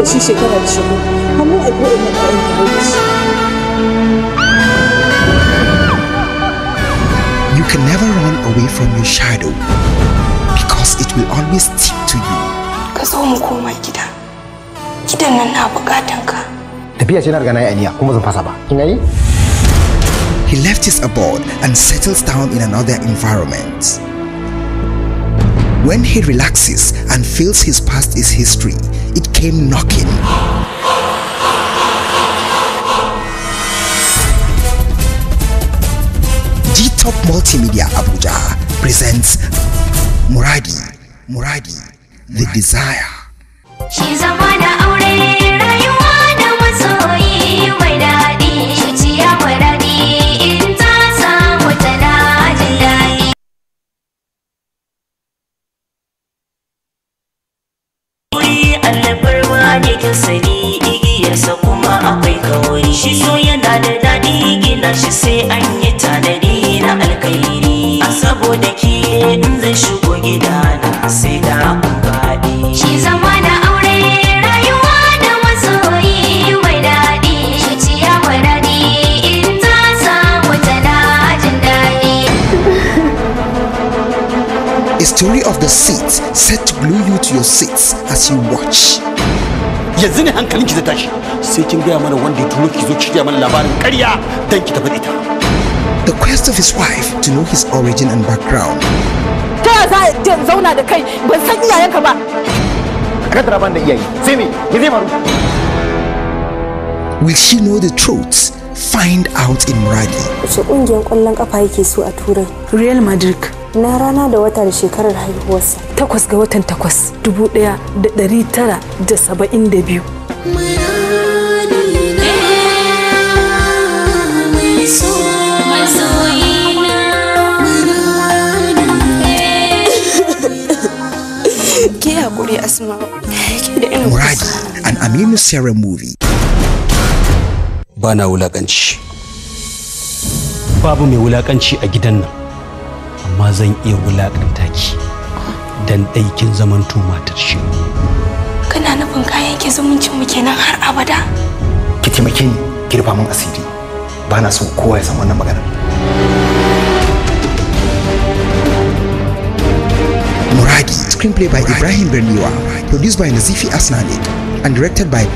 You can never run away from your shadow because it will always stick to you. Ka gida. Gidan nan na bukatan ka. Tafiya ce na riga na yi aniya kuma zan fasa ba. Kin gani? He left his abode and settles down in another environment. When he relaxes and feels his past is history, came knocking. G-Top Multimedia Abuja presents Muradi, Muradi, the desire. alfarma ne kin sani igiyarsa kuma akwai kawai shi so yana da daɗi gina shi sai an yi tanadi na alkairi a saboda ki in zai shigo gida story of the seeds set to glue you to your seats as you watch. Yanzu ne hankalin ki zai tashi sai kin gaya mana wanda ya turo ki zo ki gaya mana labarin ƙarya dan ki tafi ita. The quest of his wife to know his origin and background. Ta za a zauna da kai ban san iyayenka ba. Kadara ban da iyaye sai me me zai Will she know the truth? Find out in Muradi. Wace ƙungiyar ƙwallon ƙafa yake so a Turai? Real Madrid. na rana da wata da shekarar haihuwarsa takwas ga watan takwas dubu ɗaya da ɗari tara da saba'in da biyu muradi an aminu sarah movie ba na babu mai wulaƙanci a gidan nan amma zan iya wulaƙanta ki dan ɗaikin zaman tu matar shi kana nufin kayan ke zumuncin mu kenan har abada ki taimake ni girba min asiri ba na so kowa ya san wannan magana muradi screenplay by Ibrahim Berniwa produced by Nazifi Asnani, and directed by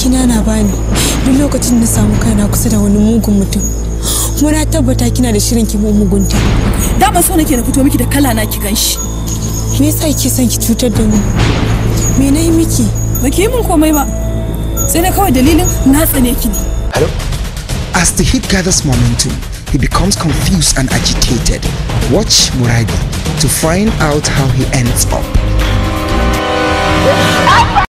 jikina na bani duk lokacin na samu kaina kusa da wani mugun mutum kuma na tabbata kina da shirin ki mugunta da ba so nake na fito miki da kala na ki ganshi me yasa kike son ki cutar da ni me na yi miki ba yi komai ba sai na kawai dalilin na tsane ki ne hello as the heat gathers momentum he becomes confused and agitated watch muradi to find out how he ends up